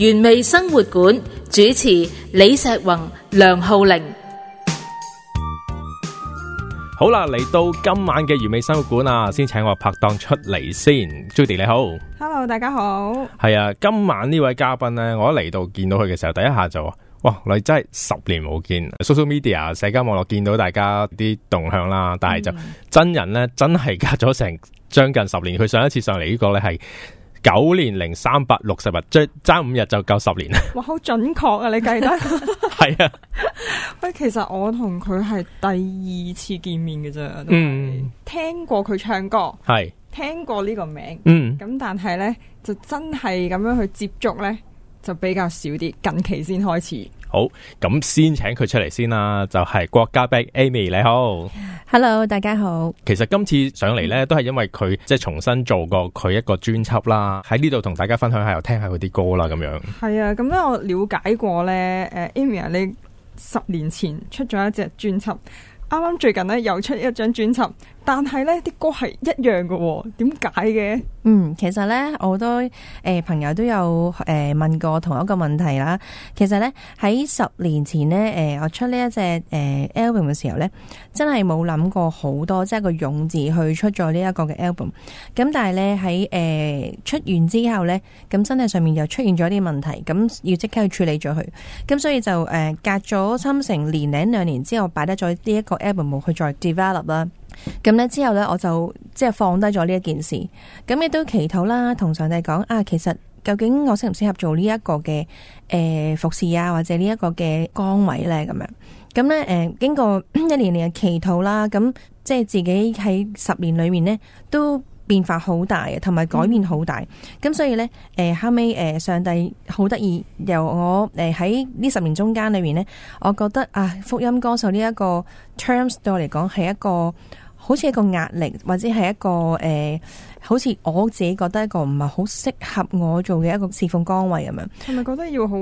原味生活館主持李石宏、梁浩玲，好啦，嚟到今晚嘅原味生活館啊，先請我拍檔出嚟先，Judy 你好，Hello，大家好，係啊，今晚呢位嘉賓呢，我一嚟到見到佢嘅時候，第一下就話哇，你真係十年冇見，social media 社，社交網絡見到大家啲動向啦，但係就、mm hmm. 真人呢，真係隔咗成將近十年，佢上一次上嚟呢個呢係。九年零三百六十日，再爭五日就夠十年啦。哇，好準確啊！你計得係啊。喂， 其實我同佢係第二次見面嘅啫。嗯，聽過佢唱歌，係、嗯、聽過呢個名。嗯，咁但係呢，就真係咁樣去接觸呢，就比較少啲，近期先開始。好，咁先請佢出嚟先啦，就係、是、郭嘉碧 Amy 你好，Hello，大家好。其實今次上嚟呢，都係因為佢即係重新做過佢一個專輯啦，喺呢度同大家分享下，又聽下佢啲歌啦，咁樣。係啊，咁因為我了解過呢、啊、Amy 你十年前出咗一隻專輯，啱啱最近呢又出一張專輯。但係呢啲歌係一樣嘅，點解嘅？嗯，其實呢，我好多誒、呃、朋友都有誒問過同一個問題啦。其實呢，喺十年前呢，誒、呃、我出呢一隻誒 album 嘅時候呢，真係冇諗過好多，即係個勇字去出咗呢一個嘅 album。咁但係呢，喺誒、呃、出完之後呢，咁身體上面又出現咗啲問題，咁要即刻去處理咗佢。咁、嗯、所以就誒、呃、隔咗差唔多成年零兩年之後，擺得咗呢一個 album 冇去再 develop 啦。咁咧之後呢，我就即係放低咗呢一件事，咁亦都祈禱啦，同上帝講啊，其實究竟我適唔適合做呢一個嘅誒、呃、服侍啊，或者呢一個嘅崗位呢？」咁樣咁咧誒，經過一年年嘅祈禱啦，咁、啊、即係自己喺十年裏面呢都變化好大，同埋改變好大，咁、嗯、所以呢，誒、啊、後尾誒上帝好得意，由我誒喺呢十年中間裏面呢，我覺得啊福音歌手呢一個 terms 對我嚟講係一個。好似一個壓力，或者係一個誒。呃好似我自己覺得一個唔係好適合我做嘅一個侍奉崗位咁樣，係咪覺得要好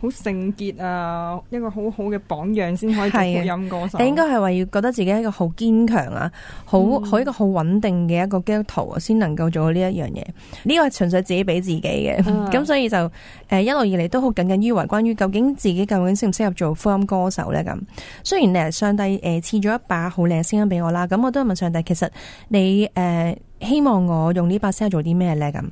好聖潔啊？一個好好嘅榜樣先可以做福音歌手。你應該係話要覺得自己一個好堅強啊，好好、嗯、一個好穩定嘅一個基督徒啊，先能夠做呢一樣嘢。呢個係純粹自己俾自己嘅，咁、啊、 所以就誒一路以嚟都好緊緊於為關於究竟自己究竟適唔適合做福音歌手咧？咁雖然誒上帝誒賜咗一把好靚嘅聲音俾我啦，咁我都問上帝，其實你誒。呃呃希望我用呢把聲做啲咩咧咁？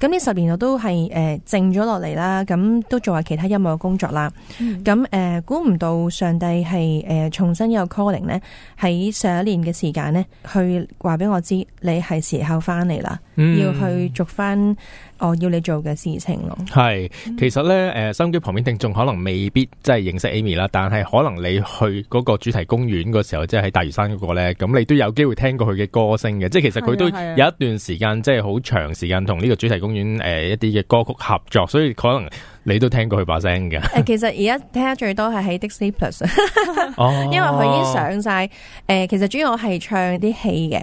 咁呢十年我都係誒靜咗落嚟啦，咁、呃、都做下其他音樂嘅工作啦。咁誒、嗯，估唔、嗯、到上帝係誒、呃、重新有 calling 呢，喺上一年嘅時間呢，去話俾我知你係時候翻嚟啦，嗯、要去續翻。我要你做嘅事情咯，係其實咧，誒、呃，收音機旁邊聽眾可能未必即係認識 Amy 啦，但係可能你去嗰個主題公園嘅時候，即係喺大嶼山嗰，那個咧，咁你都有機會聽過佢嘅歌聲嘅，即係其實佢都有一段時間即係好長時間同呢個主題公園誒、呃、一啲嘅歌曲合作，所以可能。你都聽過佢把聲嘅？誒，其實而家聽得最多係喺 Disney+，因為佢已經上晒。誒、呃。其實主要我係唱啲戲嘅，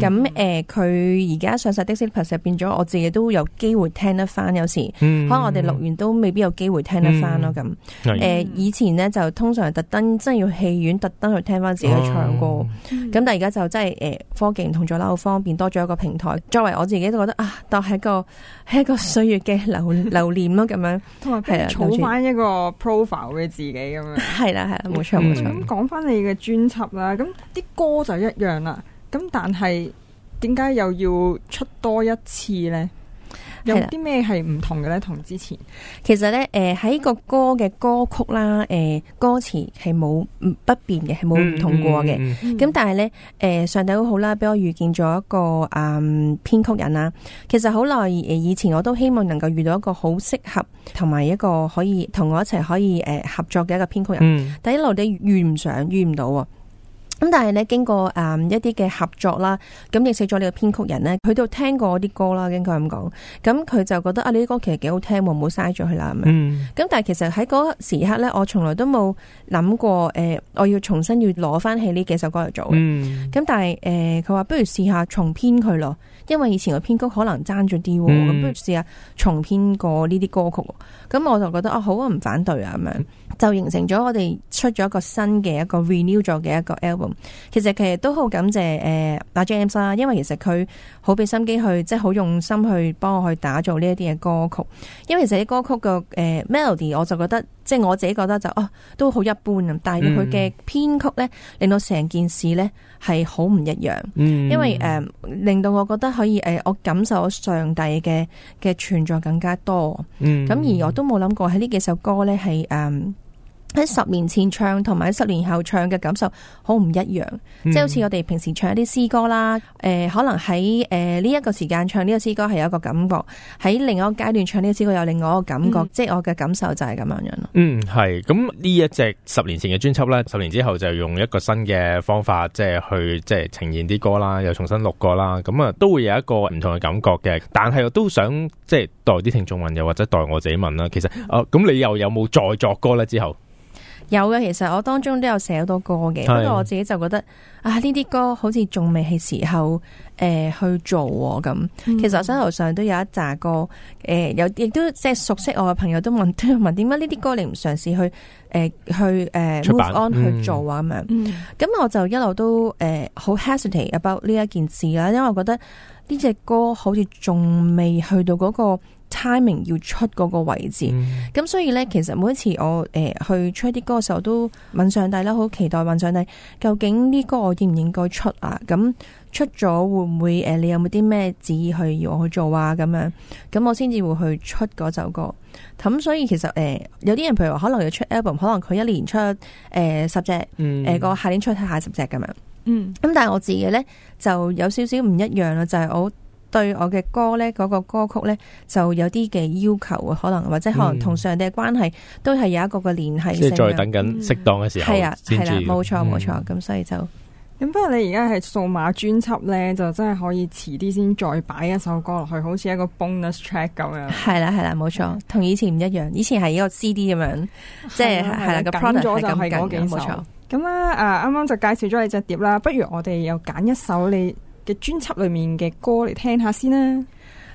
咁誒佢而家上晒 Disney+，變咗我自己都有機會聽得翻。有時可能我哋錄完都未必有機會聽得翻咯。咁誒，以前咧就通常特登真係要戲院特登去聽翻自己唱歌，咁、嗯、但係而家就真係誒、呃、科技唔同咗啦，好方便多咗一個平台。作為我自己都覺得啊，當係一個係一個歲月嘅留留念咯，咁樣。同埋，儲翻了一個 profile 畀自己咁樣。係啦了，係啦錯，冇錯冇錯。咁講翻你嘅專輯啦，咁啲歌就一樣啦。咁但係，點解又要出多一次呢？有啲咩係唔同嘅咧？同之前，其實咧，誒喺個歌嘅歌曲啦，誒歌詞係冇不變嘅，係冇唔同過嘅。咁但係咧，誒上帝都好啦，俾我遇見咗一個誒編曲人啦。其實好耐以前我都希望能夠遇到一個好適合同埋一個可以同我一齊可以誒、呃、合作嘅一個編曲人。嗯、但一路都遇唔上，遇唔到。咁但係咧，經過誒一啲嘅合作啦，咁認識咗呢個編曲人咧，佢都聽過啲歌啦，應該咁講。咁佢就覺得啊，呢啲歌其實幾好聽，唔好嘥咗佢啦咁樣。咁、嗯、但係其實喺嗰個時刻咧，我從來都冇諗過誒、呃，我要重新要攞翻起呢幾首歌嚟做嘅。咁、嗯、但係誒，佢、呃、話不如試下重編佢咯。因為以前個編曲可能爭咗啲，咁、嗯、不如試下重編過呢啲歌曲，咁我就覺得啊好啊，唔反對啊咁樣，就形成咗我哋出咗一個新嘅一個 renew 咗嘅一個 album。其實其實都好感謝誒，阿、呃、James 啦、啊，因為其實佢好俾心機去，即係好用心去幫我去打造呢一啲嘅歌曲。因為其實啲歌曲嘅誒、呃、melody，我就覺得。即係我自己覺得就哦、啊、都好一般啊，但係佢嘅編曲咧，令到成件事咧係好唔一樣，嗯、因為誒、呃、令到我覺得可以誒、呃、我感受咗上帝嘅嘅存在更加多，咁、嗯、而我都冇諗過喺呢幾首歌咧係誒。喺十年前唱同埋喺十年後唱嘅感受好唔一樣，即係好似我哋平時唱一啲詩歌啦，誒、嗯呃，可能喺誒呢一個時間唱呢個詩歌係有一個感覺，喺另一個階段唱呢個詩歌有另外一個感覺，嗯、即係我嘅感受就係咁樣樣咯。嗯，係咁呢一隻十年前嘅專輯呢，十年之後就用一個新嘅方法，即係去即係呈現啲歌啦，又重新錄過啦，咁啊都會有一個唔同嘅感覺嘅。但係我都想即係代啲聽眾問，又或者代我自己問啦。其實啊，咁你又有冇再作歌呢？之後？有嘅，其實我當中都有寫好多歌嘅，不過是我自己就覺得啊，呢啲歌好似仲未係時候誒、呃、去做咁。其實我手頭上都有一紮歌，誒、呃，有亦都即係熟悉我嘅朋友都問，都問點解呢啲歌你唔嘗試去誒、呃、去誒、呃、出版去做啊咁樣。咁、嗯嗯、我就一路都誒好 hesitate about 呢一件事啦，因為我覺得呢隻歌好似仲未去到嗰、那個。Timing 要出嗰個位置，咁、嗯、所以咧，其實每一次我誒、呃、去出啲歌嘅時候，都問上帝啦，好期待問上帝，究竟啲歌我應唔應該出啊？咁、嗯、出咗會唔會誒、呃？你有冇啲咩旨意去要我去做啊？咁樣咁我先至會去出嗰首歌。咁、嗯嗯、所以其實誒、呃，有啲人譬如話可能要出 album，可能佢一年出誒、呃、十隻，誒、呃、個下年出睇下十隻咁樣。嗯。咁、嗯、但係我自己咧就有少少唔一樣啦，就係、是、我。對我嘅歌咧，嗰個歌曲咧，就有啲嘅要求啊，可能或者可能同上帝嘅關係都係有一個個聯繫。即係再等緊適當嘅時候，係啊，係啦，冇錯冇錯。咁所以就咁，不過你而家係數碼專輯咧，就真係可以遲啲先再擺一首歌落去，好似一個 bonus track 咁樣。係啦係啦，冇錯，同以前唔一樣。以前係一個 CD 咁樣，即係係啦個 product 就係咁緊，冇錯。咁啦，啊啱啱就介紹咗你隻碟啦，不如我哋又揀一首你嘅專輯裏面嘅歌嚟聽下先啦。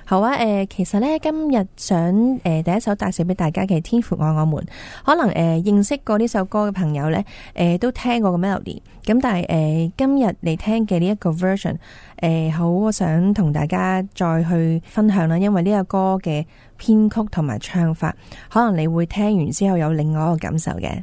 好啊，誒、呃，其實呢，今日想誒、呃、第一首帶上俾大家嘅《天父愛我們》，可能誒、呃、認識過呢首歌嘅朋友呢誒、呃、都聽過個 melody。咁但係誒今日嚟聽嘅呢一個 version，誒、呃、好想同大家再去分享啦，因為呢個歌嘅編曲同埋唱法，可能你會聽完之後有另外一個感受嘅。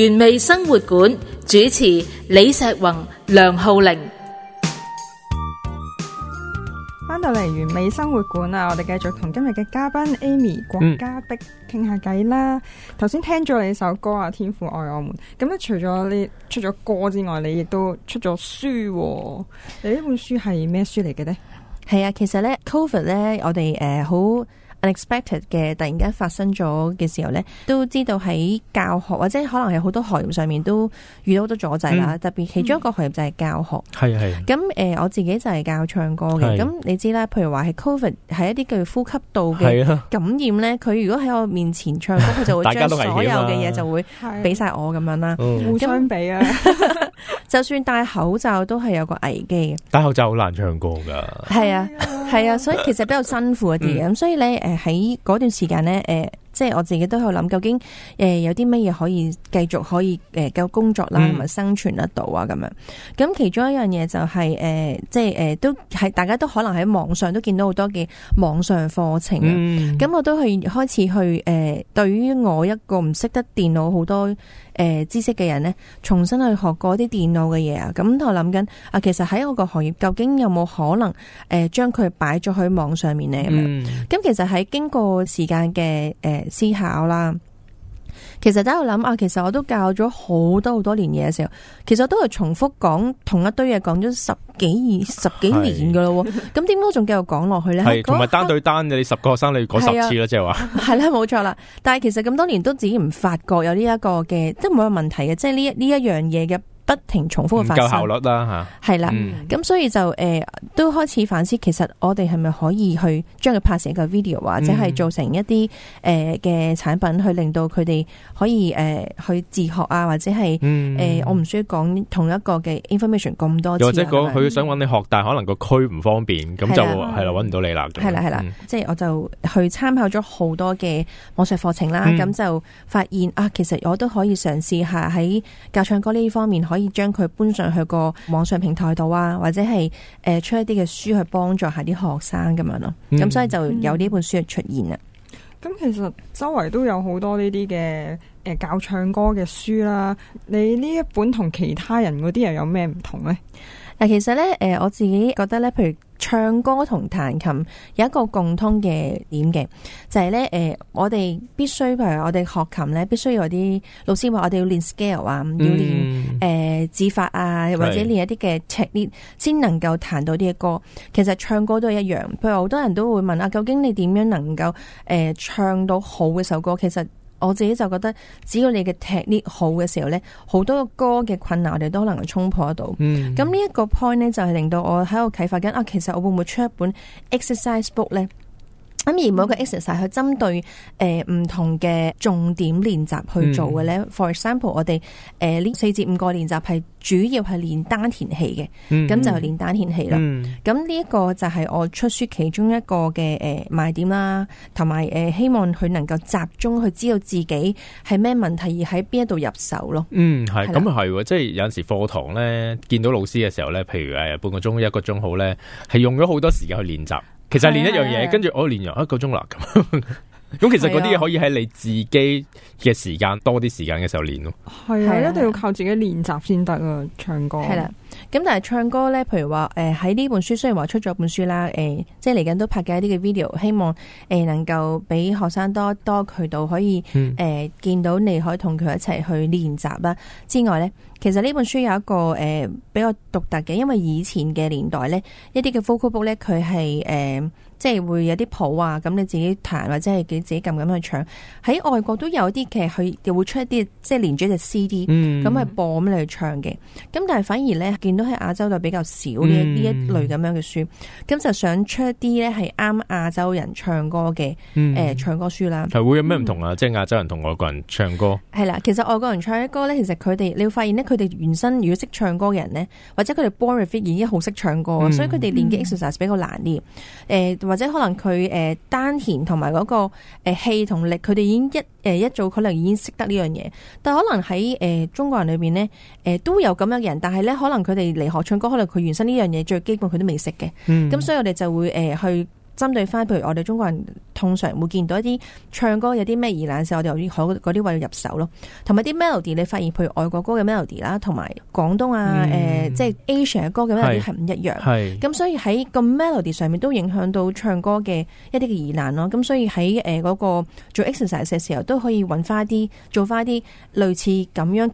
原味生活館主持李石宏、梁浩玲，翻到嚟原味生活館啊！我哋繼續同今日嘅嘉賓 Amy 郭嘉碧傾下偈啦。頭先、嗯、聽咗你首歌啊，《天父愛我們》。咁咧，除咗你出咗歌之外，你亦都出咗書、哦。你呢本書係咩書嚟嘅呢？係啊，其實咧，COVID 咧，我哋誒好。呃 Unexpected 嘅突然間發生咗嘅時候咧，都知道喺教學或者可能係好多行業上面都遇到好多阻滯啦。嗯、特別其中一個行業就係教學，係係、嗯。咁誒、呃，我自己就係教唱歌嘅。咁是你知啦，譬如話係 Covid，係一啲叫呼吸道嘅感染咧。佢、啊、如果喺我面前唱歌，佢就會將所有嘅嘢就會俾晒我咁、啊、樣啦，啊、互相比啊。 就算戴口罩都係有個危機嘅，戴口罩好難唱歌噶係啊係 啊，所以其實比較辛苦一啲嘅。咁所以咧，誒喺嗰段時間咧，誒、呃、即係我自己都去諗，究竟誒、呃、有啲乜嘢可以繼續可以誒夠、呃、工作啦，同埋生存得到啊咁樣。咁、嗯、其中一樣嘢就係、是、誒、呃，即係誒都係大家都可能喺網上都見到好多嘅網上課程。咁、嗯、我都去開始去誒、呃，對於我一個唔識得電腦好多，誒知識嘅人咧，重新去學過啲電腦嘅嘢啊，咁我諗緊啊，其實喺我個行業，究竟有冇可能誒、呃、將佢擺咗喺網上面咧？咁、嗯、其實喺經過時間嘅誒、呃、思考啦。其實喺度諗啊，其實我都教咗好多好多年嘢嘅時候，其實我都係重複講同一堆嘢，講咗十幾、二十幾年噶咯喎，咁點解我仲繼續講落去咧？係同埋單對單嘅。 你十個學生你講十次啦，即係話係啦，冇錯、 啊、啦。但係其實咁多年都自己唔發覺有呢、這、一個嘅，都冇問題嘅，即係呢呢一樣嘢嘅。不停重複嘅發生，唔夠效率啦吓，係啦，咁所以就誒、呃、都開始反思，其實我哋係咪可以去將佢拍成一個 video，或者係做成一啲誒嘅產品，去令到佢哋可以誒、呃、去自學啊，或者係誒、呃、我唔需要講同一個嘅 information 咁多，又或者講佢想揾你學，但係可能個區唔方便，咁、嗯、就係啦，揾唔、啊、到你啦，係啦係啦，即係、嗯、我就去參考咗好多嘅網上課程啦，咁、嗯嗯、就發現啊，其實我都可以嘗試下喺教唱歌呢方面可以。將佢搬上去個網上平台度啊，或者係誒出一啲嘅書去幫助下啲學生咁樣咯。咁、嗯、所以就有呢本書嘅出現啦。咁、嗯、其實周圍都有好多呢啲嘅誒教唱歌嘅書啦。你呢一本同其他人嗰啲又有咩唔同呢？嗱，其實呢，誒，我自己覺得呢，譬如。唱歌同彈琴有一個共通嘅點嘅，就係咧誒，我哋必須譬如我哋學琴咧，必須有啲老師話我哋要練 scale 啊、嗯，要練誒指法啊，或者練一啲嘅 technique 先能夠彈到啲嘅歌。是其實唱歌都係一樣，譬如好多人都會問啊，究竟你點樣能夠誒、呃、唱到好嘅首歌？其實我自己就覺得，只要你嘅 technique 好嘅時候呢，好多歌嘅困難我哋都能夠衝破得到。咁呢一個 point 呢，就係令到我喺度啟發緊啊，其實我會唔會出一本 exercise book 呢？咁而每個 exercise 去針對誒唔同嘅重點練習去做嘅咧、嗯、，for example，我哋誒呢四至五個練習係主要係練丹田氣嘅，咁、嗯、就係練丹田氣啦。咁呢一個就係我出書其中一個嘅誒賣點啦，同埋誒希望佢能夠集中去知道自己係咩問題而喺邊一度入手咯。嗯，係咁係，即係的有陣時課堂咧見到老師嘅時候咧，譬如誒半個鐘一個鐘好咧，係用咗好多時間去練習。其實練一樣嘢，跟住是的 我練完一個鐘啦。咁咁是的、啊， 其實嗰啲嘢可以喺你自己嘅時間的多啲時間嘅時候練咯。係係一定要靠自己練習先得啊！唱歌係啦。咁但係唱歌咧，譬如話誒喺呢本書雖然話出咗本書啦，誒、呃、即係嚟緊都拍緊一啲嘅 video，希望誒、呃、能夠俾學生多多渠道可以誒、嗯呃、見到你，可以同佢一齊去練習啦。之外咧。其實呢本書有一個誒、呃、比較獨特嘅，因為以前嘅年代咧，一啲嘅 folk book 咧，佢係誒即係會有啲譜啊，咁、嗯、你、嗯、自己彈或者係幾自己撳咁去唱。喺外國都有啲嘅，佢又會出一啲即係連住隻 CD，咁去播咁你去唱嘅。咁但係反而咧，見到喺亞洲就比較少嘅呢一類咁樣嘅書。咁、嗯、就想出一啲咧係啱亞洲人唱歌嘅誒、呃嗯、唱歌書啦。係、嗯、會有咩唔同啊？即係亞洲人同外國人唱歌。係啦、嗯，其實外國人唱嘅歌咧，其實佢哋你會發現咧。佢哋原身如果識唱歌嘅人咧，或者佢哋 born with 已經好識唱歌，嗯、所以佢哋練嘅 exercise 比較難啲。誒、嗯呃、或者可能佢誒、呃、丹田同埋嗰個誒、呃、氣同力，佢哋已經一誒、呃、一早可能已經識得呢樣嘢。但可能喺誒、呃、中國人裏邊咧，誒、呃、都有咁樣嘅人，但係咧可能佢哋嚟學唱歌，可能佢原身呢樣嘢最基本佢都未識嘅。咁、嗯、所以我哋就會誒、呃、去針對翻，譬如我哋中國人。通常會見到一啲唱歌有啲咩疑難嘅時候，我哋由嗰啲位入手咯。同埋啲 melody，你發現譬如外國歌嘅 melody 啦，同埋廣東啊誒，即係 Asia 嘅歌嘅 melody 係唔一樣，係咁，所以喺個 melody 上面都影響到唱歌嘅一啲嘅疑難咯。咁所以喺誒個做 exercise 嘅時候，都可以揾翻啲做翻啲類似咁樣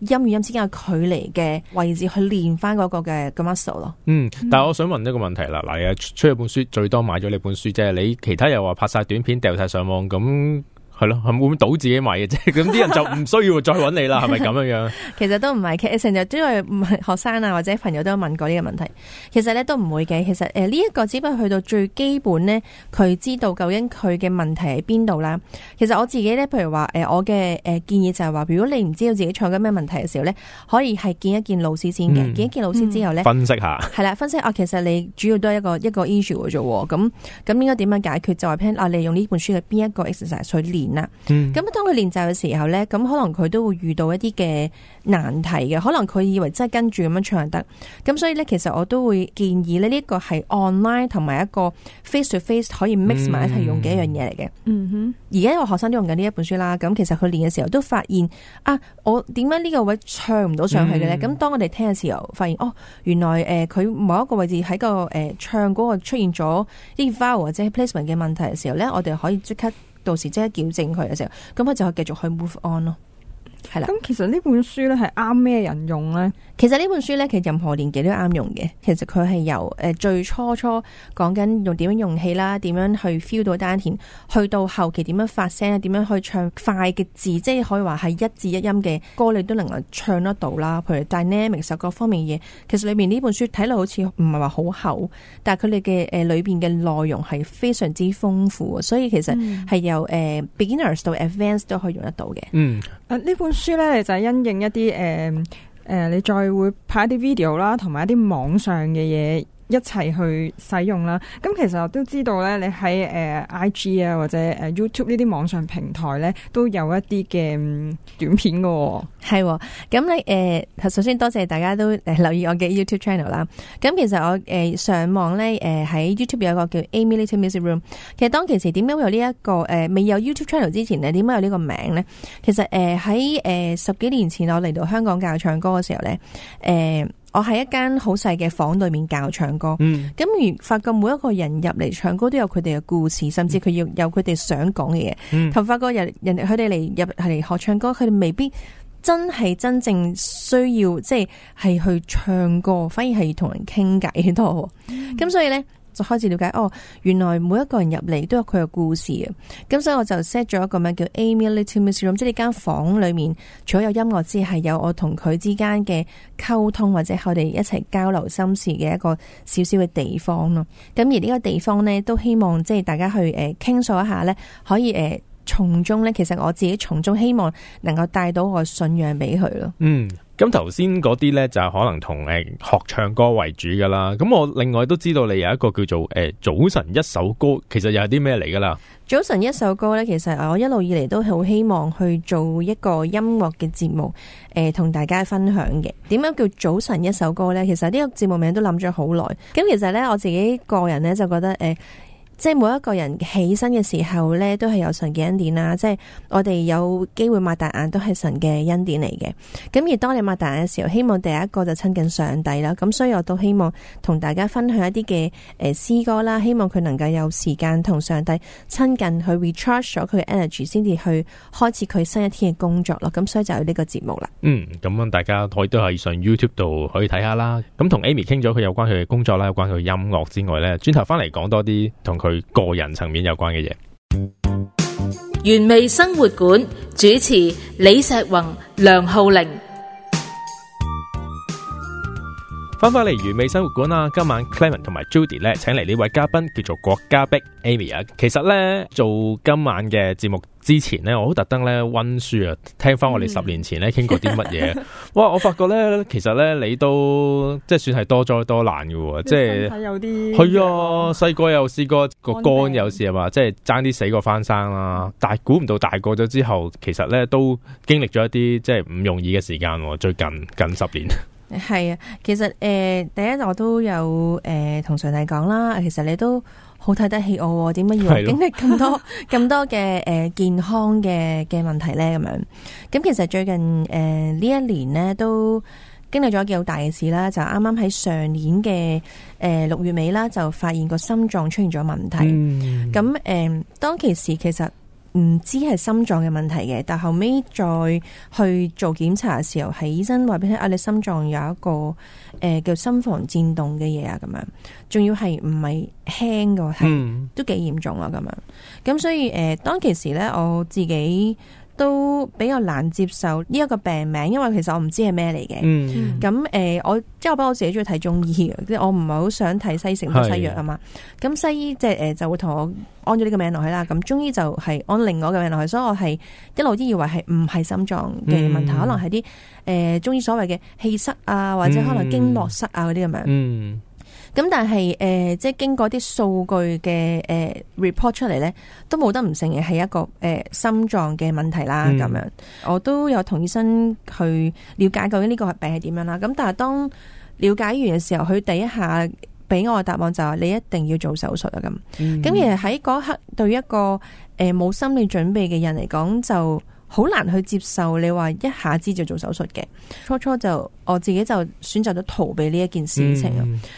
誒音與音之間嘅距離嘅位置去練翻嗰個嘅 muscle 咯。嗯，但係我想問一個問題啦。嗱，出咗本書最多買咗你本書，即係你其他又話。發曬短片，掉曬上網咁。係咯，係 會唔會倒自己米嘅啫？咁 啲人就唔需要再搵你啦，係咪咁樣樣？ 其實都唔係，其實成日都係學生啊，或者朋友都有問過呢個問題。其實咧都唔會嘅。其實誒呢一個只不過去到最基本咧，佢知道究竟佢嘅問題喺邊度啦。其實我自己咧，譬如話誒、呃、我嘅誒建議就係話，如果你唔知道自己唱緊咩問題嘅時候咧，可以係見一見老師先嘅。嗯、見一見老師之後咧、嗯嗯，分析下係啦，分析啊，其實你主要都係一個一個 issue 嘅啫。咁咁應該點樣解決？就係 plan 啊，你用呢本書嘅邊一個 exercise 去練啦，咁、嗯、當佢練習嘅時候咧，咁可能佢都會遇到一啲嘅難題嘅，可能佢以為真係跟住咁樣唱得，咁所以咧，其實我都會建議咧，呢個係 online 同埋一個 face to face 可以 mix 埋一齊用嘅一樣嘢嚟嘅。而家、嗯、哼我學生都用緊呢一本書啦，咁其實佢練嘅時候都發現啊，我點解呢個位唱唔到上去嘅咧？咁、嗯、當我哋聽嘅時候，發現哦，原來誒佢、呃、某一個位置喺個誒、呃、唱嗰個出現咗啲 vowel 或者 placement 嘅問題嘅時候咧，我哋可以即刻。到時即刻矯正佢嘅時候，咁我就可以繼續去 move on 咯。係啦，咁其實呢本書咧係啱咩人用咧？其實呢本書咧，其實任何年紀都啱用嘅。其實佢係由誒、呃、最初初講緊用點樣用氣啦，點樣去 feel 到丹田，去到後期點樣發聲，點樣去唱快嘅字，即係可以話係一字一音嘅歌，你都能夠唱得到啦。譬如 dynamics 各方面嘢，其實裏面呢本書睇落好似唔係話好厚，但係佢哋嘅誒裏邊嘅內容係非常之豐富，所以其實係由誒、嗯呃、beginners 到 advanced 都可以用得到嘅。嗯。呢本書咧，就係、是、因應一啲誒誒，你再會拍一啲 video 啦，同埋一啲網上嘅嘢，一齊去使用啦！咁其實我都知道呢，你喺誒 IG 啊，或者誒 YouTube 呢啲網上平台呢，都有一啲嘅短片噶喎。係喎，咁你誒，首先多謝大家都留意我嘅 YouTube channel 啦。咁其實我誒上網呢，誒喺 YouTube 有個叫 Amy Little Music Room。其實當其時點解會有呢一個誒未有 YouTube channel 之前呢？點解有呢個名呢？其實誒喺誒十幾年前我嚟到香港教唱歌嘅時候呢。誒。我喺一間好細嘅房裏面教唱歌，咁而、嗯、發覺每一個人入嚟唱歌都有佢哋嘅故事，甚至佢要有佢哋想講嘅嘢。同、嗯、發覺人人哋佢哋嚟入嚟學唱歌，佢哋未必真係真正需要，即係係去唱歌，反而係同人傾偈多。咁、嗯、所以咧。就開始了解哦，原來每一個人入嚟都有佢嘅故事啊！咁、嗯、所以我就 set 咗一個名叫 Ameelia Two Miss Room，即係呢間房裏面，除咗有音樂之係有我同佢之間嘅溝通，或者我哋一齊交流心事嘅一個小小嘅地方咯。咁、嗯、而呢個地方呢，都希望即係大家去誒、呃、傾訴一下呢，可以誒。呃從中咧，其實我自己從中希望能夠帶到我信仰俾佢咯。嗯，咁頭先嗰啲咧就可能同誒學唱歌為主噶啦。咁我另外都知道你有一個叫做誒、欸、早晨一首歌，其實又係啲咩嚟噶啦。早晨一首歌咧，其實我一路以嚟都好希望去做一個音樂嘅節目，誒、欸，同大家分享嘅。點樣叫早晨一首歌咧？其實呢個節目名都諗咗好耐。咁其實咧，我自己個人咧就覺得誒。欸即係每一個人起身嘅時候咧，都係有神嘅恩典啦。即係我哋有機會擘大眼，都係神嘅恩典嚟嘅。咁而當你擘大眼嘅時候，希望第一個就親近上帝啦。咁所以我都希望同大家分享一啲嘅誒詩歌啦，希望佢能夠有時間同上帝親近，去 recharge 咗佢嘅 energy，先至去開始佢新一天嘅工作咯。咁所以就有呢個節目啦。嗯，咁樣大家可以都喺上 YouTube 度可以睇下啦。咁同 Amy 傾咗佢有關佢嘅工作啦，有關佢嘅音樂之外咧，轉頭翻嚟講多啲同佢個人層面有關嘅嘢，原味生活館主持李石宏、梁浩玲。翻返嚟完美生活館！啊！今晚 Clement 同埋 Judy 咧，請嚟呢位嘉賓叫做郭嘉碧 Amy 啊。其實咧做今晚嘅節目之前咧，我好特登咧溫書啊，聽翻我哋十年前咧傾過啲乜嘢。 哇！我發覺咧，其實咧你都即係算係多災多難嘅， 即係是有啲係啊。細個 又試過個靜肝有事啊嘛，即係爭啲死過翻生啦。但估唔到大個咗之後，其實咧都經歷咗一啲即係唔容易嘅時間。最近近十年。 係啊，其實誒、呃，第一我都有誒同上帝講啦，其實你都好睇得起我，點解要經歷咁多咁 多嘅誒、呃、健康嘅嘅問題咧？咁樣，咁其實最近誒呢、呃、一年咧都經歷咗一件好大嘅事啦，就啱啱喺上年嘅誒、呃、六月尾啦，就發現個心臟出現咗問題。咁誒、嗯嗯，當其時其實。唔知係心臟嘅問題嘅，但後尾再去做檢查嘅時候，係醫生話俾你聽啊，你心臟有一個誒、呃、叫心房顫動嘅嘢啊，咁、嗯、樣，仲要係唔係輕個，係都幾嚴重啊，咁樣，咁所以誒、呃，當其時咧，我自己，都比較難接受呢一個病名，因為其實我唔知係咩嚟嘅。咁誒、嗯呃，我即係我本身我自己中意睇中醫嘅，即係我唔係好想睇西醫嘅西藥啊嘛。咁的西醫即係誒就會同我按住呢個名落去啦。咁中醫就係按另外個名落去，所以我係一路都以為係唔係心臟嘅問題，嗯、可能係啲誒中醫所謂嘅氣塞啊，或者可能經絡塞啊嗰啲咁樣。嗯嗯咁但係誒、呃，即係經過啲數據嘅誒、呃、report 出嚟咧，都冇得唔承認係一個誒、呃、心臟嘅問題啦。咁、嗯、樣我都有同醫生去了解究竟呢個病係點樣啦。咁但係當了解完嘅時候，佢第一下俾我嘅答案就係你一定要做手術啊。咁，咁其實喺嗰刻對於一個誒冇、呃、心理準備嘅人嚟講就。好難去接受你話一下子就做手術嘅，初初就我自己就選擇咗逃避呢一件事情，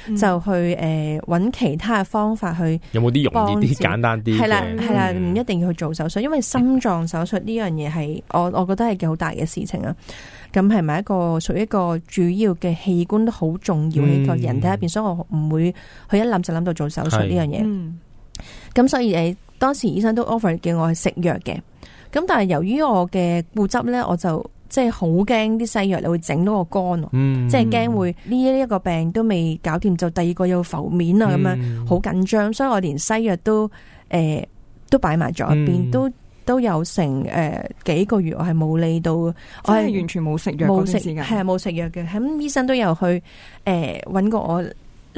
嗯、就去誒揾、呃、其他嘅方法去。有冇啲容易啲、助簡單啲？係啦，係、嗯、啦，唔一定要去做手術，因為心臟手術呢樣嘢係我我覺得係好大嘅事情啊。咁係咪一個屬於一個主要嘅器官都好重要喺個人體入邊，嗯、所以我唔會去一諗就諗到做手術呢樣嘢。咁、嗯嗯嗯、所以誒，當時醫生都 offer 叫我去食藥嘅。咁但係由於我嘅固執咧，我就即係好驚啲西藥你會整到個肝，嗯，即係驚會呢一個病都未搞掂，就第二個要浮面啦咁、嗯、樣，好緊張，所以我連西藥都誒都擺埋咗一邊，都邊、嗯、都有成誒、呃、幾個月我係冇理到，我係完全冇食藥冇食，係啊冇食藥嘅，咁醫生都有去誒揾、呃、過我。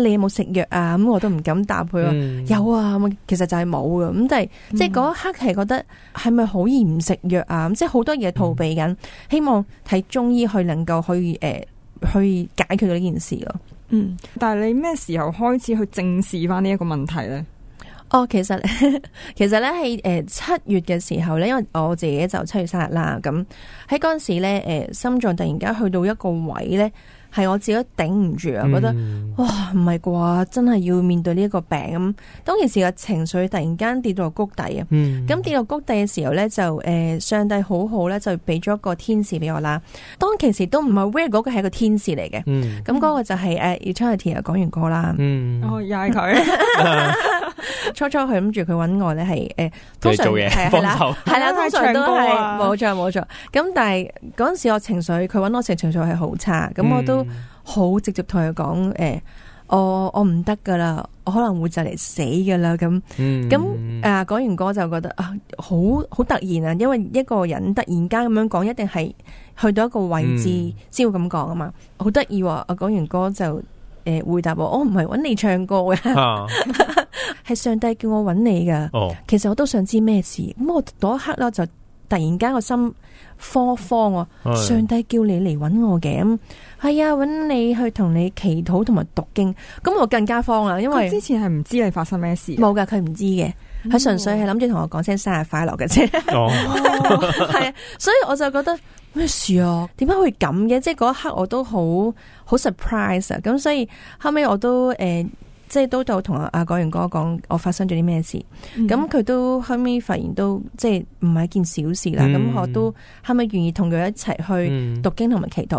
你有冇食藥啊？咁我都唔敢答佢。嗯、有啊，其實就係冇嘅。咁但係、嗯、即係嗰一刻係覺得係咪好易唔食藥啊？咁即係好多嘢逃避緊，嗯、希望睇中醫去能夠去誒，去解決到呢件事咯。嗯，但係你咩時候開始去正視翻呢一個問題咧？哦，其實其實咧係誒七月嘅時候咧，因為我自己就七月三日啦。咁喺嗰陣時咧，誒、呃、心臟突然間去到一個位咧。係我自己頂唔住啊，嗯、覺得哇唔係啩，真係要面對呢一個病咁。當其時個情緒突然間跌到谷底啊，咁、嗯、跌到谷底嘅時候咧，就誒、呃、上帝好好咧，就俾咗一個天使俾我啦。當其時都唔係 where 嗰個係個天使嚟嘅，咁嗰、嗯、個就係誒 Eternal 講完歌啦。哦又係佢，嗯、初初佢諗住佢揾我咧係誒，通常係幫手，係啦幫忙，通常都係冇錯冇錯。咁、啊、但係嗰陣時我情緒，佢揾我時情緒係好差，咁我都。好直接同佢講，誒、哎，我我唔得噶啦，我可能會就嚟死噶啦，咁，咁誒、嗯，講、呃、完歌就覺得啊，好好突然啊，因為一個人突然間咁樣講，一定係去到一個位置先會咁講、嗯嗯、啊嘛，好得意喎，我講完歌就誒、呃、回答我，我唔係揾你唱歌嘅，係、啊、 上帝叫我揾你噶，哦、其實我都想知咩事，咁我嗰一刻咧就。突然間個心慌慌，上帝叫你嚟揾我嘅？咁係啊揾你去同你祈禱同埋讀經，咁我更加慌啦，因為之前係唔知你發生咩事，冇噶佢唔知嘅，佢純粹係諗住同我講聲生日快樂嘅啫，係啊，所以我就覺得咩事啊？點解 會咁嘅？即係嗰一刻我都好好 surprise 啊，咁所以後尾我都誒。呃即係督導同阿阿廣元哥講我發生咗啲咩事，咁佢、嗯、都後尾發現都即係唔係一件小事啦。咁我、嗯、都後尾願意同佢一齊去讀經同埋祈禱。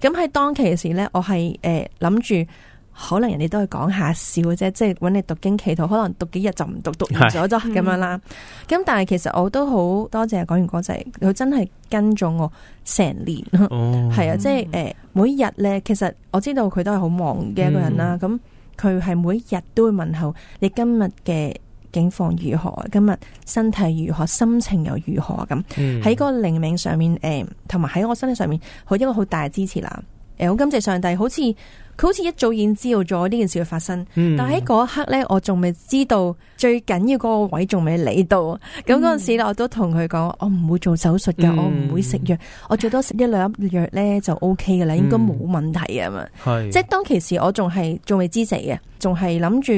咁喺、嗯、當其時咧，我係誒諗住可能人哋都係講下笑嘅啫，即係搵你讀經祈禱，可能讀幾日就唔讀，讀完咗啫咁樣啦。咁但係其實我都好多謝廣元哥，就係佢、是、真係跟咗我成年，係、哦、啊，即係誒、呃，每一日咧，其實我知道佢都係好忙嘅一個人啦，咁、嗯。嗯佢係每一日都會問候你今日嘅境況如何，今日身體如何，心情又如何咁。喺嗰、嗯、個靈命上面，誒、呃，同埋喺我身體上面，好，一個好大嘅支持啦。誒、呃，好感謝上帝，好似。佢好似一早已經知道咗呢件事嘅發生，嗯、但喺一刻咧，我仲未知道最緊要個位仲未嚟到。咁嗰陣時咧，我都同佢講，我唔會做手術嘅，嗯、我唔會食藥，我最多食一兩粒藥咧就 O K 嘅啦，應該冇問題啊嘛。係、嗯，即係當其時我仲係仲未知死嘅，仲係諗住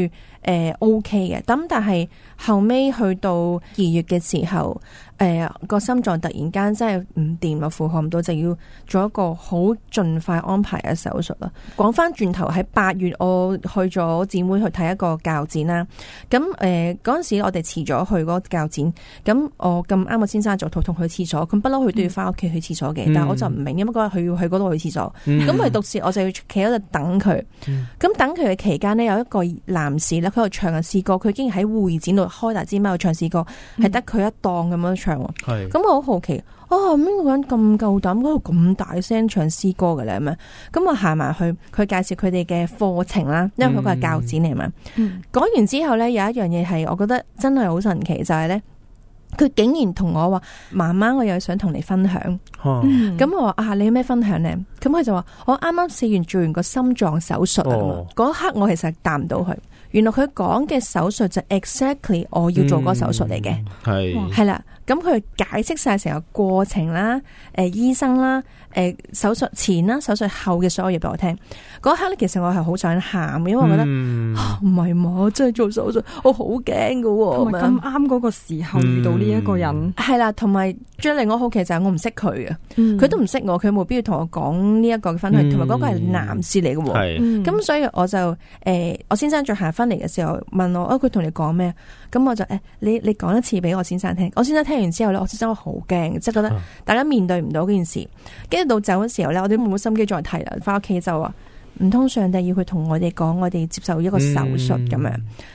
誒 O K 嘅。咁、呃 OK、但係後尾去到二月嘅時候，誒、呃、個心臟突然間真係唔掂啊負荷唔到，就要做一個好盡快安排嘅手術啦。講翻。轉頭喺八月，我去咗展會去睇一個教展啦。咁誒、嗰、呃、陣時我哋遲咗去嗰個教展。咁我咁啱個先生就肚痛去廁所，佢不嬲佢都要返屋企去廁所嘅。嗯、但係我就唔明，因為嗰日佢要去嗰度去廁所，咁佢獨自我就要企喺度等佢。咁、嗯、等佢嘅期間呢，有一個男士咧，佢度唱試過，佢竟然喺會展度開大支咪唱試過，係得佢一檔咁樣唱。係咁是，我好好奇。哦，邊個人咁夠膽嗰度，咁大聲唱詩歌嘅咧？咁我行埋去，佢介紹佢哋嘅課程啦，因為佢係教展嚟嘛。講完之後咧，有一樣嘢係我覺得真係好神奇，就係、是、咧，佢竟然同我話，媽媽，我又想同你分享。咁我話啊，你有咩分享咧？咁、嗯、佢就話我啱啱試完做完個心臟手術啊，嗰刻我其實答唔到佢。原來佢講嘅手術就 exactly 我要做嗰個手術嚟嘅，係啦、嗯，咁佢解釋晒成個過程啦，誒、呃、醫生啦。誒、呃，手術前啦，手術後嘅所有嘢俾我聽。嗰一刻咧，其實我係好想喊，因為我覺得唔係嘛，真係做手術，我、啊、是好驚噶。咁啱嗰個時候遇到呢一個人，係、嗯、啦，同埋最令我好奇就係我唔識佢啊。佢、嗯、都唔識我，佢冇必要同我講呢一個嘅分享。同埋嗰個係男士嚟嘅、啊，咁、嗯嗯、所以我就誒、呃，我先生再行翻嚟嘅時候問我，哦、啊，佢同你講咩？咁我就誒、欸，你你講一次俾我先生聽。我先生聽完之後咧，我先生我好驚，即、就、係、是、覺得大家面對唔到呢件事。到走嘅時候咧，我哋冇心機再提啦。翻屋企就話唔通上帝要佢同我哋講，我哋接受一個手術咁、嗯、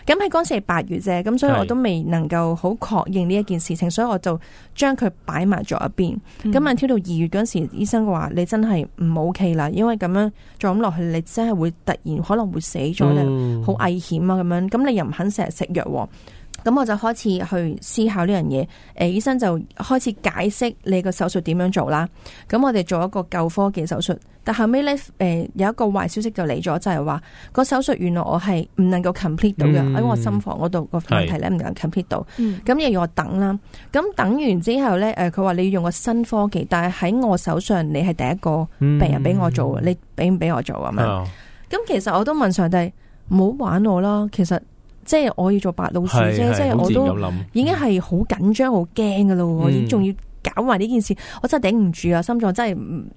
樣。咁喺嗰時係八月啫，咁所以我都未能夠好確認呢一件事情，是所以我就將佢擺埋咗一邊。咁啊、嗯，跳到二月嗰陣時，醫生話你真係唔 OK 啦，因為咁樣再咁落去，你真係會突然可能會死咗咧，好危險啊！咁樣，咁你又唔肯成日食藥。咁我就開始去思考呢樣嘢，誒、呃，醫生就開始解釋你個手術點樣做啦。咁、嗯、我哋做一個舊科技手術，但後尾咧，誒、呃，有一個壞消息就嚟咗，就係話個手術原來我係唔能夠 complete 到嘅，喺、嗯哎、我心房嗰度個問題咧唔能夠 complete 到。咁又要我等啦。咁、嗯、等完之後咧，誒、呃，佢話你要用個新科技，但係喺我手上，你係第一個病人俾我做，嗯、你俾唔俾我做咁樣？咁 No. 其實我都問上帝，唔好玩我囉，其實。即係我要做白老鼠啫，是是即係我都已經係好緊張、好驚噶咯，我仲、嗯、要搞埋呢件事，我真係頂唔住啊！心臟真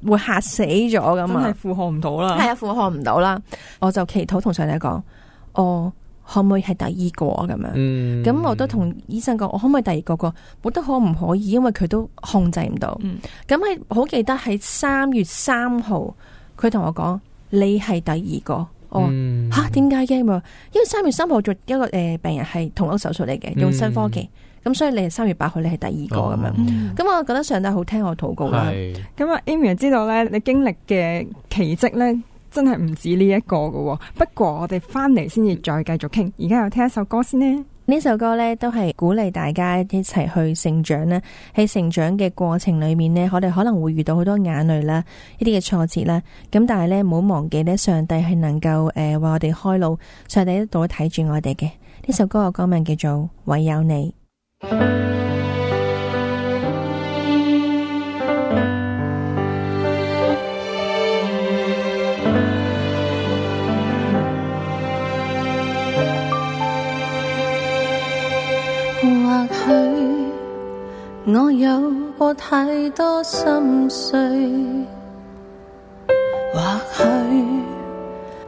係會吓死咗咁啊！真係負荷唔到啦，係啊，負荷唔到啦！我就祈禱同上帝講，哦，可唔可以係第二個咁樣？咁、嗯、我都同醫生講，我可唔可以第二個？個我覺得可唔可以？因為佢都控制唔到。咁係好記得喺三月三號，佢同我講：你係第二個。哦，吓，點解嘅？因為三月三號做一個誒病人係同一個手術嚟嘅，嗯、用新科技，咁所以你係三月八號你係第二個咁樣。咁我覺得上帝好聽我禱告啦。咁啊，Amy 知道咧，你經歷嘅奇蹟咧，真係唔止呢、這、一個噶不過我哋翻嚟先至再繼續傾。而家又聽一首歌先呢。呢首歌呢，都係鼓勵大家一齊去成長咧，喺成長嘅過程裏面呢，我哋可能會遇到好多眼淚啦，呢啲嘅挫折啦，咁但係呢，唔好忘記呢：上帝係能夠誒為、呃、我哋開路，上帝都睇住我哋嘅。呢首歌嘅歌名叫做唯有你。或許我有過太多心碎，或許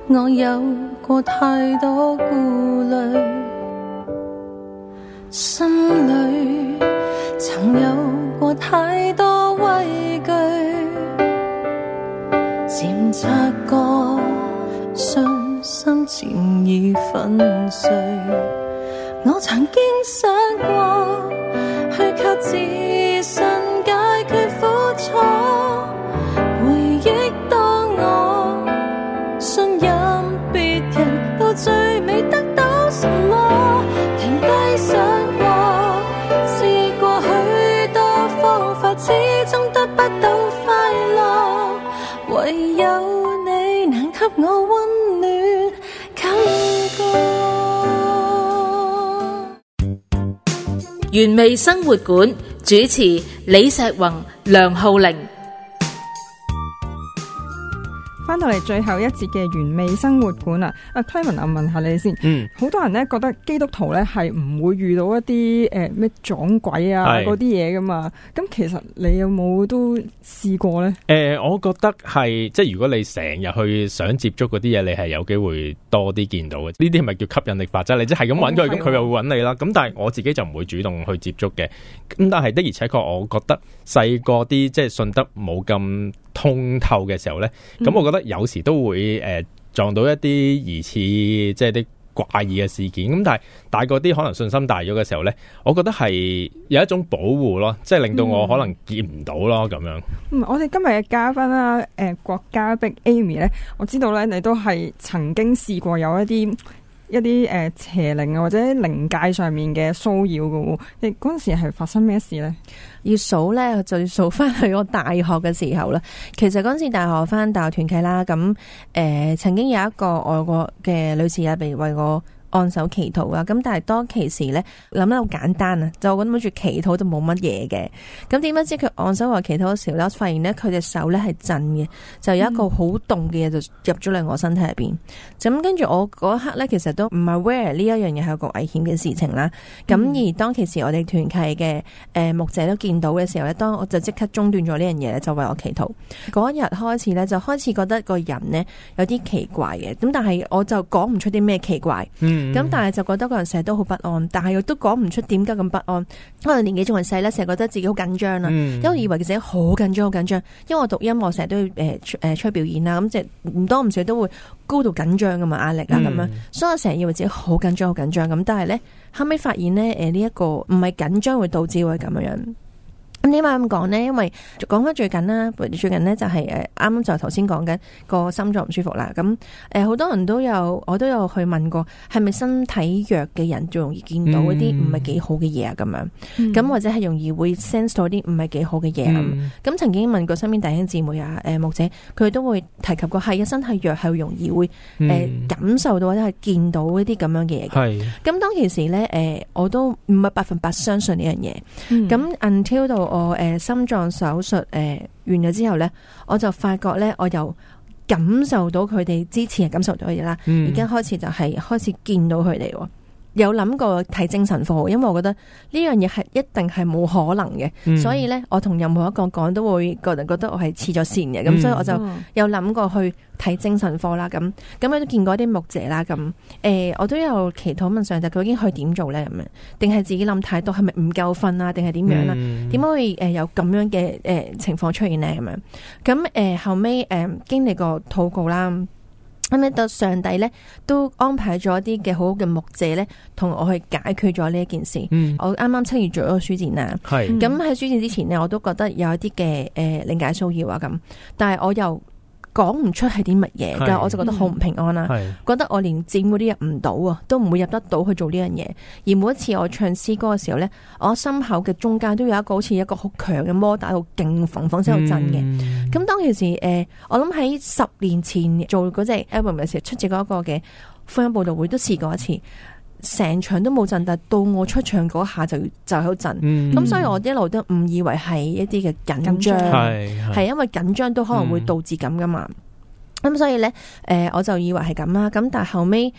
我有過太多顧慮，心裏曾有過太多畏懼，漸察覺信心情已粉碎。我曾經想過去靠自信。原味生活館主持李錫宏、梁浩玲。翻到嚟最後一節嘅原味生活館啊！阿 Kevin 我問，問下你先。嗯。好多人咧覺得基督徒咧係唔會遇到一啲誒咩撞鬼啊嗰啲嘢噶嘛？咁其實你有冇都試過咧？誒、呃，我覺得係即係如果你成日去想接觸嗰啲嘢，你係有機會多啲見到嘅。呢啲係咪叫吸引力法則？即你即係咁揾佢，咁佢又會揾你啦。咁但係我自己就唔會主動去接觸嘅。咁但係的而且確，我覺得細個啲即係信得冇咁。通透嘅時候呢，咁我覺得有時都會誒、呃、撞到一啲疑似即係啲怪異嘅事件，咁但係大個啲可能信心大咗嘅時候呢，我覺得係有一種保護咯，即係令到我可能見唔到咯咁、嗯、樣。嗯、我哋今日嘅嘉賓啦，誒、呃、郭嘉碧 Amy 呢，我知道呢，你都係曾經試過有一啲。一啲誒邪靈啊，或者靈界上面嘅騷擾嘅喎，你嗰陣時係發生咩事咧？要數咧，就要數翻去我大學嘅時候啦。其實嗰陣時大學翻大學團契啦，咁誒、呃、曾經有一個外國嘅女士啊，被為我按手祈禱啊，咁但係當其時咧，諗得好簡單啊，就覺得諗住祈禱就冇乜嘢嘅。咁點不知佢按手話祈禱嘅時候咧，發現咧佢隻手咧係震嘅，就有一個好凍嘅嘢就入咗嚟我身體入邊。咁、嗯、跟住我嗰一刻咧，其實都唔係 aware 呢一樣嘢係一個危險嘅事情啦。咁、嗯、而當其時我哋團契嘅誒牧者都見到嘅時候咧，當我就即刻中斷咗呢樣嘢咧，就為我祈禱嗰一日開始咧，就開始覺得個人呢有啲奇怪嘅。咁但係我就講唔出啲咩奇怪。咁、嗯、但係就覺得個人成日都好不安，但係又都講唔出點解咁不安。可能年紀仲係細咧，成日覺得自己好緊張啦。嗯、因為我以為自己好緊張，好緊張。因為我讀音樂成日都要誒誒、呃出，呃、出表演啦，咁即係唔多唔少都會高度緊張噶嘛，壓力啊咁樣。嗯、所以我成日以為自己好緊張，好緊張。咁但係咧後尾發現咧，誒呢一個唔係緊張會導致會咁樣。咁點解咁講呢？因為講翻最近啦，最近呢就係誒，啱啱就頭先講緊個心臟唔舒服啦。咁誒，好多人都有，我都有去問過，係咪身體弱嘅人，最容易見到一啲唔係幾好嘅嘢啊？咁樣，咁或者係容易會 sense 到啲唔係幾好嘅嘢。咁曾經問過身邊弟兄姊妹啊，誒，牧者，佢都會提及過，係啊，身體弱係容易會誒感受到或者係見到一啲咁樣嘅嘢。咁當其時咧，誒，我都唔係百分百相信呢樣嘢。咁 until 到我誒、呃、心臟手術誒、呃、完咗之後呢，我就發覺呢，我由感受到佢哋之前係感受到嘅嘢啦，已經、嗯、開始就係開始見到佢哋。有諗過睇精神科，因為我覺得呢樣嘢係一定係冇可能嘅，嗯、所以咧我同任何一個講都會個人覺得我係黐咗線嘅，咁、嗯、所以我就有諗過去睇精神科啦，咁咁我都見過啲牧者啦，咁誒、呃、我都有祈禱問上帝，究竟佢去點做咧，定係自己諗太多，係咪唔夠瞓啊，定係點樣咧？點解會誒有咁樣嘅誒情況出現咧？咁樣咁誒後尾誒、呃、經歷過禱告啦。咁咧，到上帝咧都安排咗啲嘅好嘅牧者咧，同我去解決咗呢一件事。嗯，我啱啱七月做咗個書展喇，係是。咁喺書展之前咧，我都覺得有一啲嘅誒理解需要啊，咁，但係我又，講唔出係啲乜嘢，但係是我就覺得好唔平安啦，嗯、覺得我連節目都入唔到啊，都唔會入得到去做呢樣嘢。而每一次我唱詩歌嘅時候呢，我心口嘅中間都有一個好似一個好強嘅摩打到勁晃晃喺度震嘅。咁、嗯、當其時誒、呃，我諗喺十年前做嗰隻 album 嘅時候，出席嗰一個嘅福音報道會都試過一次。成場都冇震，但到我出場嗰下就就喺度震。咁、嗯、所以我一路都誤以為係一啲嘅緊張，係張因為緊張都可能會導致咁噶嘛。咁、嗯嗯、所以呢，誒、呃、我就以為係咁啦。咁但係後尾誒、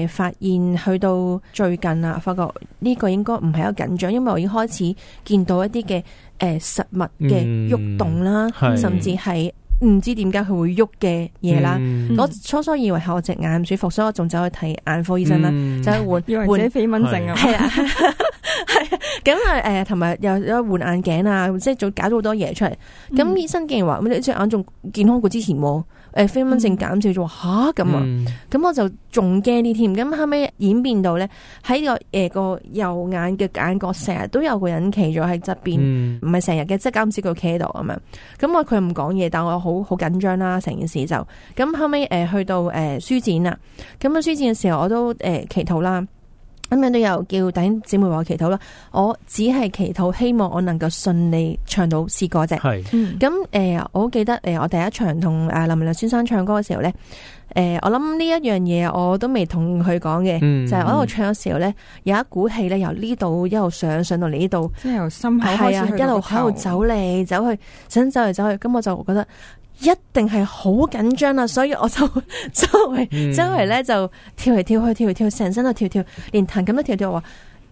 呃、發現去到最近啊，發覺呢個應該唔係一個緊張，因為我已經開始見到一啲嘅誒實物嘅喐動啦，嗯、甚至係。唔知點解佢會喐嘅嘢啦，嗯、我初初以為係我隻眼唔舒服，所以我仲走去睇眼科醫生啦，就、嗯、去換換啲飛蚊症啊，係啊。是的 咁 啊，誒，同埋又有換眼鏡啊，即係做搞咗好多嘢出嚟。咁醫生竟然話，咁隻、嗯、眼仲健康過之前，誒、嗯，飛蚊症減少咗，吓咁啊。咁、嗯、我就仲驚啲添。咁後尾演變到咧，喺個誒個右眼嘅眼角，成日都有個人企咗喺側邊，唔係成日嘅，即係間唔時企喺度咁樣。咁我佢唔講嘢，但我好好緊張啦。成件事就咁後尾誒，去到誒書展啦。咁啊，書展嘅時候我，我都誒祈禱啦。咁樣都有叫等姊妹為我祈禱啦，我只係祈禱，希望我能夠順利唱到試過啫。係是，咁誒、嗯嗯，我記得誒，我第一場同誒林文亮先生唱歌嘅時候咧，誒、嗯，我諗呢一樣嘢我都未同佢講嘅，就係、是、我喺度唱嘅時候咧，有一股氣咧由呢度一路上上到嚟呢度，即係由心口開始係啊，一路喺度走嚟走去，想走嚟走，走去，咁我就覺得。一定係好緊張啦，所以我就 周圍周圍咧就跳嚟跳去跳嚟跳去，成身都跳跳，連彈琴都跳跳。我話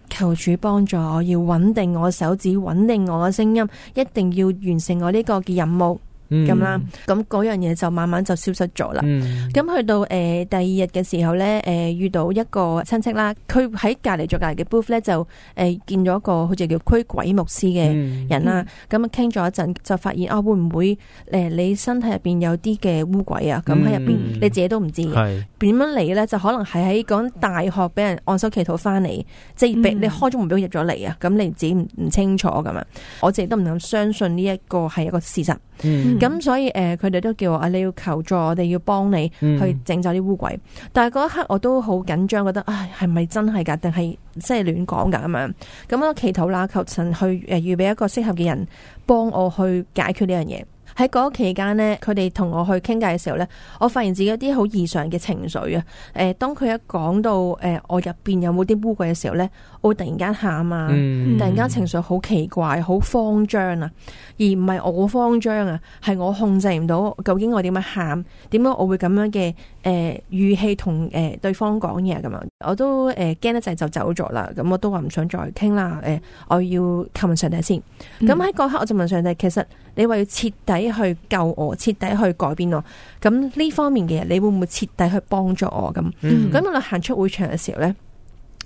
求主幫助我，要穩定我手指，穩定我嘅聲音，一定要完成我呢個嘅任務。咁啦，咁嗰、嗯、樣嘢就慢慢就消失咗啦。咁、嗯、去到誒、呃、第二日嘅時候咧，誒、呃、遇到一個親戚啦，佢喺隔籬再隔籬嘅 booth 咧就誒、呃、見咗個好似叫驅鬼牧師嘅人啦。咁啊傾咗一陣，就發現哦、啊、會唔會誒、呃、你身體入邊有啲嘅污鬼啊？咁喺入邊你自己都唔知嘅。點是樣嚟咧？就可能係喺講大學俾人按手祈禱翻嚟，即係俾你開咗門俾佢入咗嚟啊！咁你自己唔唔清楚咁啊？我自己都唔敢相信呢一個係一個事實。嗯咁、嗯、所以誒，佢、呃、哋都叫我啊，你要求助我哋，要幫你去整走啲污鬼。嗯、但係嗰一刻我都好緊張，覺得唉，係、哎、咪真係噶？定係即係亂講噶咁樣？咁我祈禱啦，求神去誒、呃，預備一個適合嘅人幫我去解決呢樣嘢。喺嗰期間呢，佢哋同我去傾偈嘅時候呢，我發現自己有啲好異常嘅情緒啊。誒、呃，當佢一講到誒、呃，我入邊有冇啲污鬼嘅時候呢。我突然間喊啊，嗯、突然間情緒好奇怪，好慌張啊，而唔係我慌張啊，係我控制唔到，究竟我點樣喊，點解我會咁樣嘅誒、呃、語氣同誒對方講嘢咁啊樣？我都誒驚一陣就走咗啦，咁我都話唔想再傾啦，誒、呃、我要求問上帝先。咁喺嗰刻我就問上帝，其實你話要徹底去救我，徹底去改變我，咁呢方面嘅嘢你會唔會徹底去幫助我？咁咁、嗯嗯、我行出會場嘅時候咧？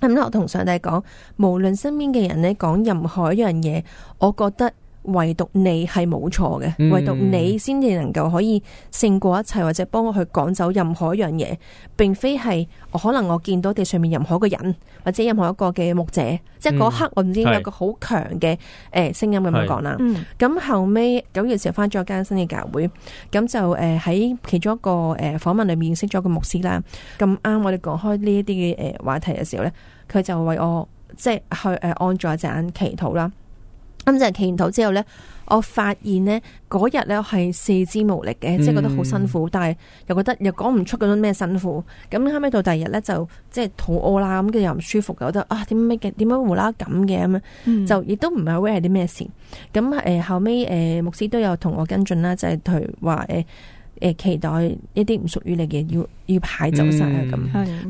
咁，嗯，我同上帝講，無論身邊嘅人咧講任何一樣嘢，我覺得。唯獨你係冇錯嘅，唯獨你先至能夠可以勝過一切，或者幫我去趕走任何一樣嘢，並非係可能我見到地上面任何一個人或者任何一個嘅牧者。即係嗰刻我唔知有個好強嘅誒聲音咁樣講啦。咁後尾九月時候返咗一間新嘅教會，咁就誒喺其中一個誒訪問裏面識咗個牧師啦。咁啱我哋講開呢一啲嘅誒話題嘅時候咧，佢就為我即係去誒按住一隻眼祈禱啦。咁就祈禱之後咧，我發現咧嗰日咧係四肢無力嘅，即、嗯、係、嗯嗯、覺得好辛苦，但係又，又覺得又講唔出嗰種咩辛苦。咁後尾到第二日咧，就即係肚餓啦，咁跟住又唔舒服，覺得啊點咩嘅，點解無啦啦咁嘅咁樣，嗯嗯、就亦都唔係好知係啲咩事。咁、嗯、誒後尾誒牧師都有同我跟進啦，就係譬如話誒。呃誒，期待一啲唔屬於你嘅，要要排走晒。啊！咁，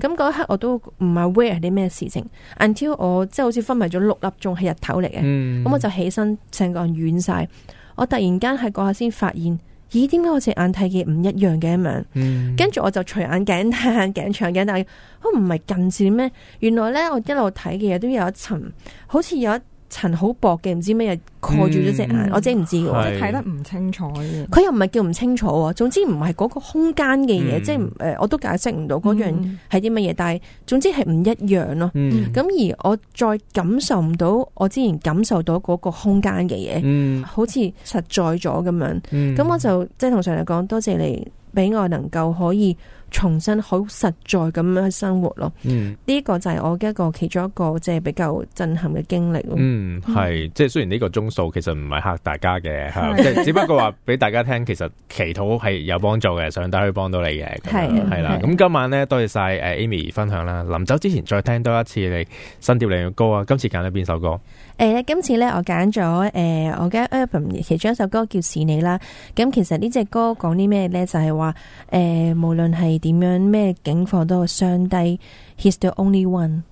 咁嗰一刻我都唔係 where 係啲咩事情、嗯、，until 我即係好似昏迷咗六粒鐘喺日頭嚟嘅，咁、嗯、我就起身，成個人軟晒。我突然間喺嗰下先發現，咦？點解好似眼睇嘅唔一樣嘅咁樣？跟住、嗯、我就除眼鏡睇眼鏡，鏡，長鏡睇，都唔係近視咩？原來咧，我一路睇嘅嘢都有一層，好似有一。層好薄嘅，唔知咩嘢蓋住咗隻眼，嗯、我真唔知，我睇得唔清楚。佢又唔係叫唔清楚，總之唔係嗰個空間嘅嘢，嗯、即係誒、呃，我都解釋唔到嗰樣係啲乜嘢。嗯、但係總之係唔一樣咯。咁、嗯、而我再感受唔到我之前感受到嗰個空間嘅嘢，嗯、好似實在咗咁樣。咁、嗯、我就即係同上嚟講，多謝你俾我能夠可以。重新好實在咁樣去生活咯，呢、嗯、個就係我嘅一個其中一個即係比較震撼嘅經歷。嗯，係，即係雖然呢個鐘數其實唔係吓大家嘅，即係的的只不過話俾大家聽， 其實祈禱係有幫助嘅，上帝可以幫到你嘅。係係啦，咁今晚咧多謝晒誒 Amy 分享啦，臨走之前再聽多一次你新調嚟嘅歌啊，今次揀咗邊首歌？誒、呃，今次咧我揀咗誒我嘅 album 其中一首歌叫是你啦，咁其實呢隻歌講啲咩咧？就係話誒無論係。點樣咩境況都係上帝，He's the only one。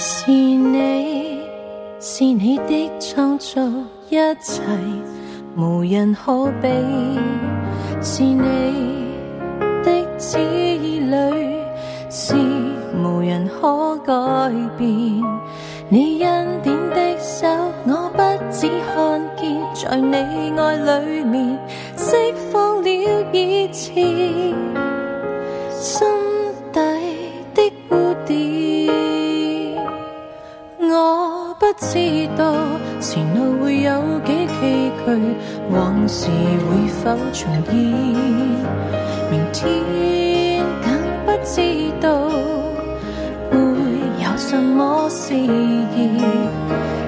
是你是你的創造，一切無人可比，是你。旨意裏是無人可改變，你恩典的手我不止看見，在你愛裏面釋放了以前。時會否重現？明天更不知道，會有什麼事，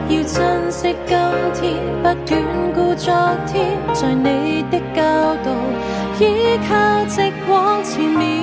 要珍惜今天，不眷顧昨天，在你的教導，依靠直往前面。